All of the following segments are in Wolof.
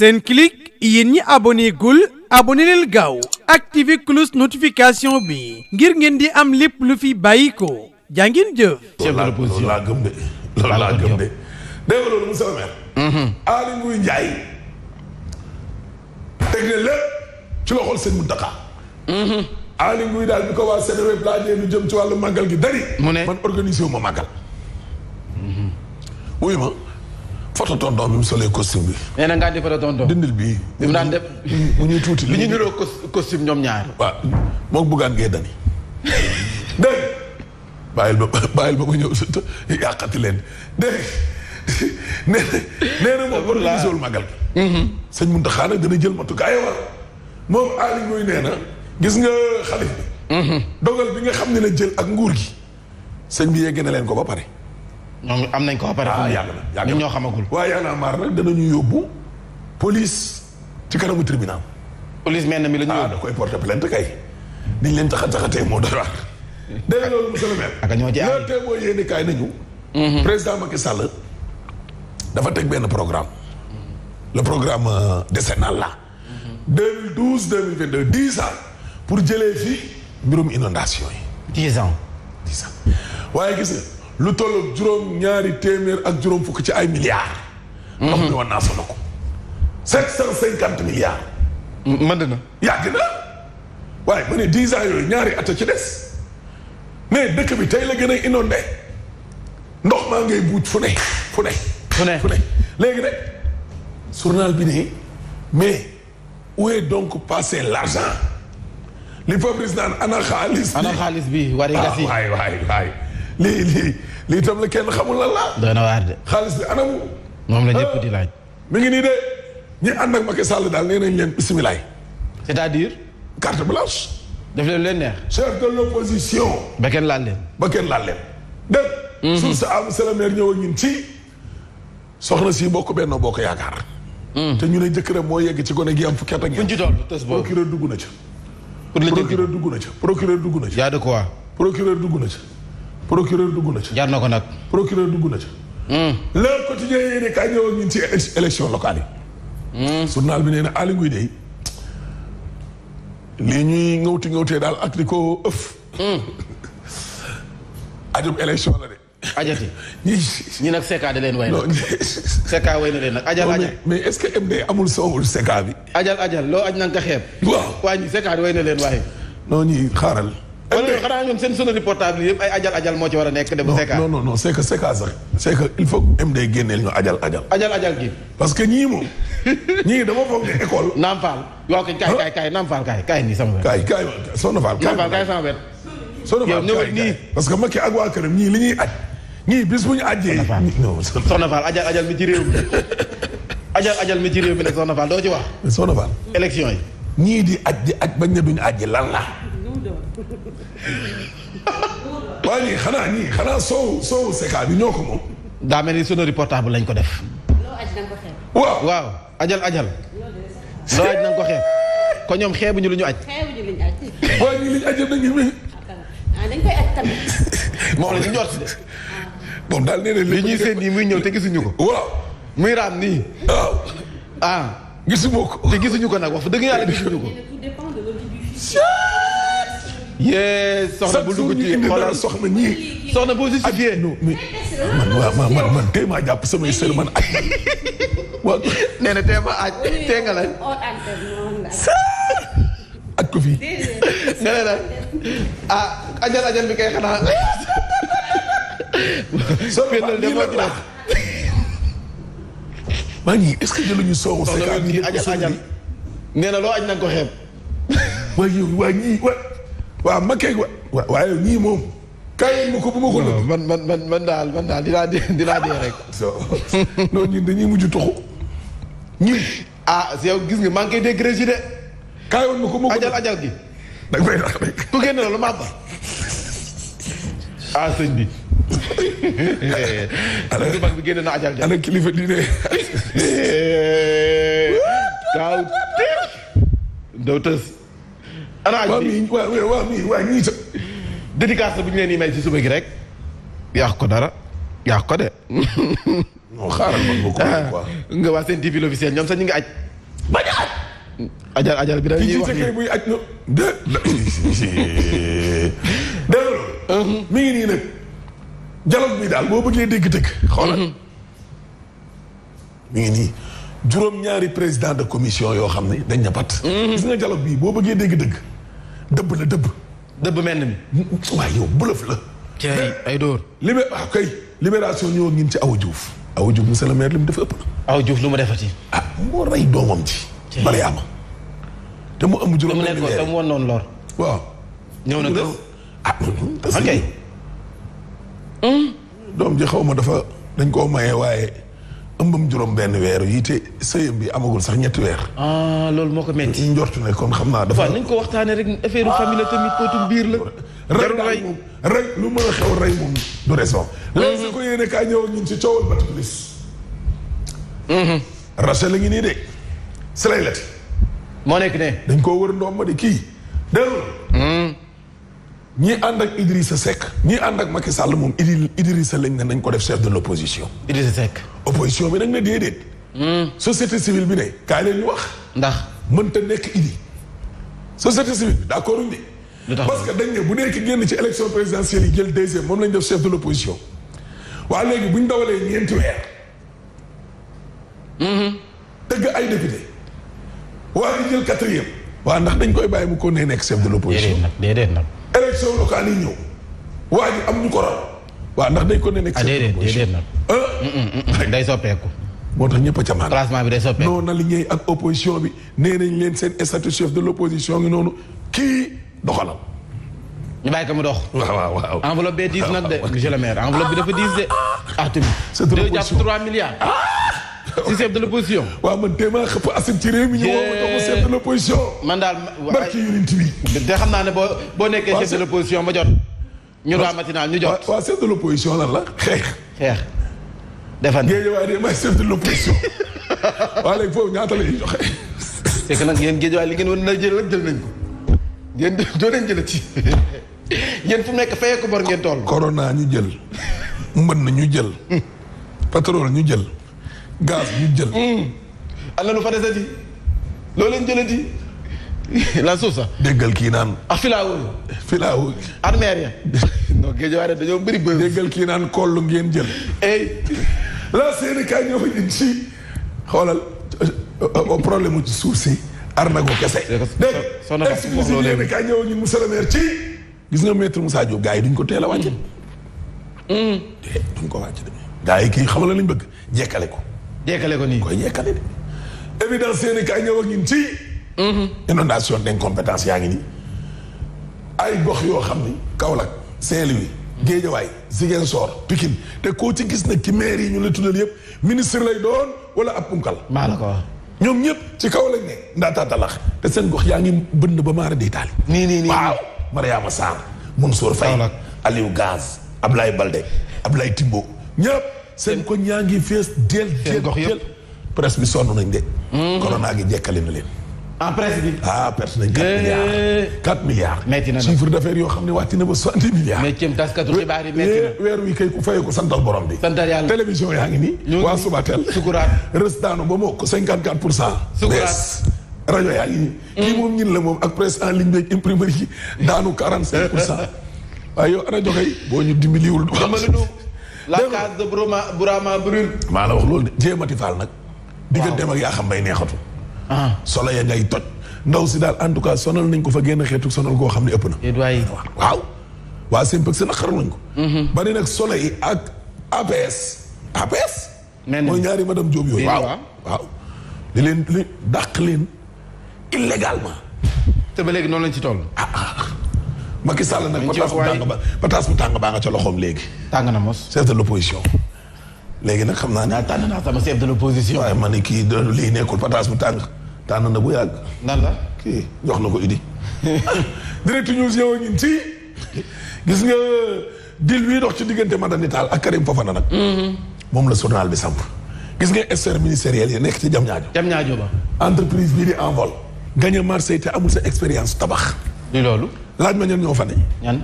Senclic yéen ñi abonné gul abonné leen gaaw activé cloche notification bi ngir ngeen di am lépp lu fi bàyyi ko jàngin jëf. chef de l'opposition laa gëm de laa gëm de dégg nga loolu monsieur le maire. Mhm. Aly teg na lépp ci loxol sëñ Mountakha. Mhm. Aly Ngouille daal bi ko waa CDW plané lu jëm ci wàllu màggal gi dari. mu ne man organisé màggal. Mhm. foto tonton bi mu solee costume bi. nee dindil bi mu daan def mu ñuy tuuti. li ñu niroo costume ñoom ñaar. waaw moom buggaan ngee dani. dégg bàyyil ba bàyyil ba mu ñëw surtout yàqati leen dégg nee na moom mm-hmm. war na gisul magal gi. gis nga xalif bi. Mm-hmm. dogal bi nga xam ne la jël ak nguur gi. sëñ bi yegg na leen ko ba pare. ñoom am nañ ko ba pare. ah yàgg na ñoo xamagul. waaye Y'en a marre nag danañu yóbbu police ci kanamu tribunal. police mel na mi la ñu ah, yóbbu da koy porter plainte kay. niñ leen tax a taxatee moo doy waar. dégg loolu monsieur le maire. ak ñoo ci nañu. Mhm. président Macky Sall dafa teg benn programme. le programme euh, décennal la. 2012 2022 10 ans pour jëlee fii mbirum inondation yi. 10 ans. waaye gis lu tolloog juróom ñaari téeméer ak juróom fukk ci ay milliards. Mhm. ndox mi wan naa sonn ko. sept cent cinquante milliards. Mm, mm, mën na. yàgg na waaye ma ne yooyu ñaari at a des mais dëkk bi tey la gën a inondé ndox maa ngay buuj fu ne fu ne. fu ne fu ne léegi nag journal bi nii mais où donc passé l'argent li Fabrice naan ana xaalis bi ana xaalis bi. Ah, waay waay waay. lii lii lii tam la kenn xamul la la. doy na waar de. xaalis bi anamu. moom la ñëpp ah, di laaj. mi ngi nii de ñi ànd ak Macky Sall daal nee nañ leen bisimilah. c'est-à-dire. carte blanche. def leen leen neex. chef de l'opposition. ba kenn laal leen. ba kenn laal leen. dégg. suuf mhm. sa am monsieur le maire ñun ci. soxna si bokk benn bokk yaakaar. Mhm. te ñu ne jëkkëram moo yegg ci gone gi am fukki at ak ñaar. ci toll tës boobu procureur dugg na ca. pour la procureur dugg na ca procureur dugg na ca. y a de procureur dugg na ca. procureur dugg na ci. jar na ko nag. procureur dugg na ci. Hmm. le quotidien yi hmm. bi nee na Aly Ngouille dey lii ñuy ngawti ngawtee daal ak di ko ëf. Hmm. ajum élection la de. ajati ñi nag Secka da leen way sekaa Secka way na leen nag ajal ajal. mais est-ce que amul soowul Secka bi. ajal ajal loo aj na nga xeeb. waaw waa ñi Secka way na leen waaye. non ñi xaaral. wala xanaa ñoom seen sonnerie portable yëpp ay ajal ajal moo ci war a nekk. de bu Secka non non non sax c'est que il faut que MD génneel ñu ajal ajal. ajal ajal gi. parce que ñii moom ñii dama foog ne école. naam faal waaw kay kay kay kay naam faal kay kay nii sama wet. kay kay sonn faal. naam faal kay sama wet. sonn faal kay kay parce que Macky ak waa këram ñii li ñuy aj ñii bis bu ñu ajjee. sonn faal ajal ajal mi ci réew mi ajal ajal mi ci réew mi nag sonn faal doo ci wax. sonn faal. élection yi. ñii di aj di aj bañ ne duñu ajji lan la. waa ñii xanaa ñii xanaa soow soow seka bi ñoo ko moom. daa ni sunu reportage lañ ko def. loo aj ko xeeb. waaw ajal ajal. loo aj na ko xeeb. ko ñoom xeebu lu ñu aj. xeebuñu lu ñu aj. waa ñii li ah, ñuy seen nii muy ñëw te gisuñu ko. waaw muy raam nii. waaw. ah. gisuma ko te gisuñu ko nag wax dëgg yàlla gisuñu ko. yee soxna bu dugg ci xoolal soxna ñii. soxna boo justifié. man man man man tey maa jàpp samay sër man aj. waaw nee na tey ma aj tey nga lan. aj ko fii. nga ah, ajal ajal bi kay xanaa. soo ko fàttali ñu ne la maa ngi ajal nee na loo aj na xeeb. waa yow waa waaw Macky wa waaye ñii moom. kaay ma ko bu ma ko lëkk. man man man man daal man daal dinaa dee dinaa dee rek. non ñun dañuy mujj toxu. ñun. ah yow gis nga maa ngi koy dégg de. kaayoon ma ko ma ko ajal ajal gi. da ngay wax rek. ku génn la lu ma ba. ah sëñ bi. ala mag bi génn na ajal ja. ala kilifa diine. kaaw. daw tës. araaj bi waaw waaw mii waaw ñii sa dédicace la bu ñu leen di may ci suba gi rek yàq ko dara yàq ko de. non xaaral man ma ko quoi. seen TV l'officiel ñoom sax ñu ngi aj. bañ a aj. ajal ajal bi daal ñuy wax nii muy na. mi ngi nii nag. dialogue bi daal boo bëggee dégg dëgg. xoolal uh-huh. mi ngi nii juróom-ñaari président de commission yoo xam ne dañ na pat. Uh-huh. gis nga dialogue bii boo bëggee dégg dëgg. dëbb la dëbb. dëbb mel ni. waaye yow bëlëf la. kay ay dóor. libé ah kay libération ñoo ngi ci aw Diouf. Awa Diouf monsieur le li mu def ëpp na. Awa Diouf lu mu ci ah moo rey doomam ci. Mariama te mu am juróom benn weer te mu noonu lor. waaw. ñëw na kër ah ok. Hmm? doom ji xaw ma dafa dañ koo maye waaye. ëmbam juróom benn weer yi te sëyam bi amagul sax ñetti weer. ah loolu moo ko métti. njortu ne kon xam naa dafa. nañ ko waxtaanee rek affaire famille tamit kootu biir la. jarul rey rey lu mën a xew rey moom du raison. Mhm. léegi su ko yéene kaa ñëw ak ñun ci coowal bati police. Mhm. Rachel la ngi nii de. Sëlay la. moo nekk ne. dañ koo wër ndoom ma di kii dégg ñii ànd ak Idrissa Seck ñii ànd ak Macky Sall moom Idrissa lañ ne nañ ko def chef de l' opposition. Idrissa Seck. opposition bi nag ne déedéet. Hmm. société civile bi ne kaay leen wax. ndax mënta nekk Idi. société civile bi d' accord uñ de. parce que dañ ne bu nekk génn ci élection présidentielle yi jël deuxième moom lañ def chef de l' waa léegi buñ dawalee ñeenti weer. tëgg hmm. ay député. waa waa ndax dañ koy bàyyi mu ko nee nekk chef de élection locale yi ñëw waa am ñu ko raw waaw ndax day ko ne nekk ah déedéet déedéet nag mm, mm, mm, day soppeeku moo tax ñëpp a ca classement bi day soppeeku non na li ak opposition bi nee nañ leen seen statut chef de l' opposition ngi noonu kii doxalal ñu bàyyi ko mu dox. waaw waaw waaw enveloppe bee diis nag de monsieur le enveloppe bi dafa diis de ah tamit deux jàpp trois milliards ah! si chef de l' opposition. waaw man maa xëpp Assane ci réew mi ñu woo ma jox ko chef de l' opposition. man daal barki yonent bi. te xam naa ne boo boo nekkee chef de l' ma jot. ñu doon matinal ñu jot waaw waaw chef de la xeex. xeex defan ngeen ñëwaat de may chef de l' opposition waaw léegi foofu ñaata lay joxe. c'est na jël nañ ko yéen doo leen jëlee ci yéen fu nekk fayee ko bor ngeen toll. corona ñu jël mbën na ñu jël. Hmm. pétrole ñu jël. gaz ñu jël. Hmm. am lu fa desati loolu leen jëlati la suuf sax. déggal kii naan. ah filaawu. filaawu. arméria. non géejewaare dañoo bëri bëri. déggal kii naan kollu ngeen jël. ey la seeni kaay ñoo ñu ci xoolal euh, euh, mu ci suuf si arnago kese. dégg nga exclusive yéen kaay ñëw ci. gis nga maître mu Diop gars yi duñ ko teel a wàcce. Hmm. Eh, duñ ko wàcce de. gars yi kii xamal lañ bëgg jekkale ko. jekkale ko nii koy jekkale de évidence yéen kaay ñëw ak ñun ci mhm. inondation d'incompétence yaa ngi nii ay gox yoo xam ni Kaolack Saint-Louis Guédiawaye Ziguinchor Pikine te koo ci gis nag ci maire yi ñu la tuddal yëpp ministre lay doon wala ab punkal maa la ko wax ñoom ñëpp ci Kaolack ne ndaataatalax te seen gox yaa ngi bënn ba maara di taali nii nii nii waaw Mariama Sarr Mansour Faye Aliou Gaz Ablaye Balde Ablaye Timbo ñëpp seen ko ñaa ngi fees del del del presse bi sonn nañ de hmm. corona gi jekkali na leen en ah, presse bi ah perte nañ quatre milliards chiffre d'affaires yoo xam ne wàcc na ba soixante milliards mais weer wi kay ku fayee santal borom bi santal yaa ngi nii waa subatel rës daanu ba moo cinquante quatre pour cent sukuraat rajo yaa ngi nii hmm. kii moom ñin la moom ak presse en ligne beeg imprimerie yi daanu quarante cinq pour cent waaye yow rajo kay boo ñu dimbaliwul du la case de maa la wax loolu de jéemati faal nag. waaw digganteem ak yaa xam bay neexatu. Ah. solo ya ngay toj. ndaw si daal en tout cas sonal nañ ko fa génn xeetu sonal koo xam ne ëpp na. waaw. waa Simpeg si naqaru nañ ko. Mm-hmm. ba ni solo ak APS. APS. nee mooy ñaari madame Diop yooyu. waaw waaw. di leen li dàq leen illégalement. te léegi noonu lañ ci tool ah, ah. ma ki Sall nag pataas bu tàng ba pataas bu tàng baa nga ca loxoom léegi. tàng na mos. l' opposition. léegi nag xam naa ne. tànn naa sama chef de l' opposition. waaye ma ne kii lii nekkul pataas bu tàng tànn na bu yàgg. nan la kii jox na ko Idi. direct news yow ak ñun si gis nga dil bii dox ci diggante Madani Tall ak Karim Fofana nag. Mm-hmm. moom la journal bi samp. gis nga experts ministériels yi nekk ci jam ñaajo jam ñaajo ba. entreprise bii di envol. gagné marché te amul sa expérience tabax. loolu. laaj ma ñan ñoo fa ne. ñan.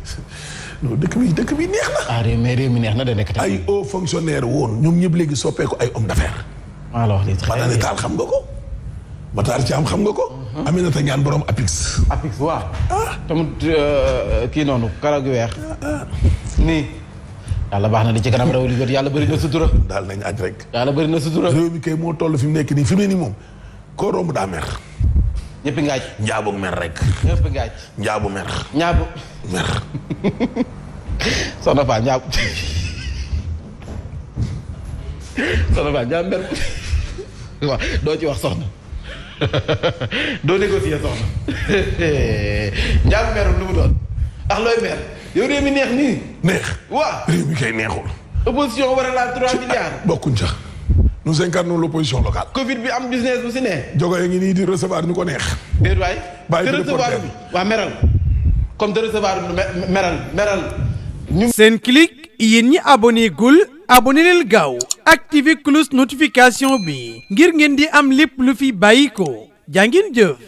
dëkk bi dëkk bi neex na. ah mi neex na da nekk tamit. ay hauts fonctionnaires woon ñoom ñëpp léegi soppeeku ay hommes d'affaires. maa la wax lii xëy na taal xam nga ko. ci am xam nga ko. Mhm. Aminata ñaan borom Apix. Apix waaw. ah tamit euh, kii noonu karaw gi weex. Ah, ah. nii. yàlla baax na li ci kanam raw li jot yàlla bëri na sutura. daal nañ aj rek. yàlla bëri na sutura. réew mi kay moo toll fi mu nekk nii fi mu ne moom. koo romb daa mer. ñëpp ngaaj njaabu mer rek. ñëpp ngaaj njaabu ñaabu mer. soxna Fane ñaabu soxna Fane ñaabu mer doo ci wax soxna doo négocier soxna njaabu merum lu mu looy mer yow réew mi neex nii. neex waaw réew mi kay neexul. opposition war a laal 3 milliards. nous incarnons l'opposition locale. Covid bi am business bu si ne. jogo yi ngi nii di recevoir ñu ko neex. déet waay. recevoir bi waa meral comme de recevoir meral meral. seen clic yéen ñi abonné gul abonné leen gaaw activé cloche notification bi ngir ngeen di am lépp lu fi bàyyi ko jaa ngeen jëf.